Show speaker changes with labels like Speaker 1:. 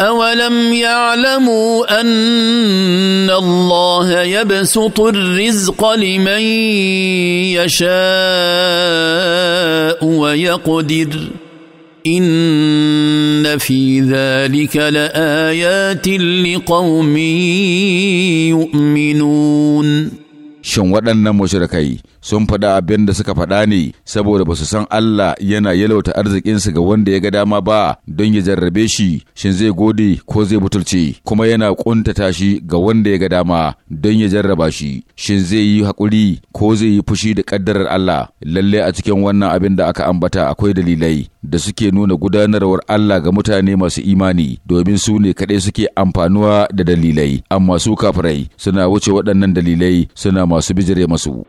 Speaker 1: أولم يعلموا أن الله يبسط الرزق لمن يشاء ويقدر إن في ذلك لآيات لقوم يؤمنون
Speaker 2: shin waɗannan mushrikai sun faɗa abin da suka faɗa ne saboda ba su san Allah yana yalauta arzikinsu ga wanda ya ga dama ba don ya jarrabe shi shin zai gode ko zai butulce kuma yana ƙuntata shi ga wanda ya ga dama don ya jarraba shi shin zai yi haƙuri ko zai yi fushi da ƙaddarar Allah lalle a cikin wannan abin da aka ambata akwai dalilai da suke nuna gudanarwar Allah ga mutane masu imani domin su ne kaɗai suke amfanuwa da dalilai amma su kafirai suna wuce waɗannan dalilai suna masu masu bijire masu.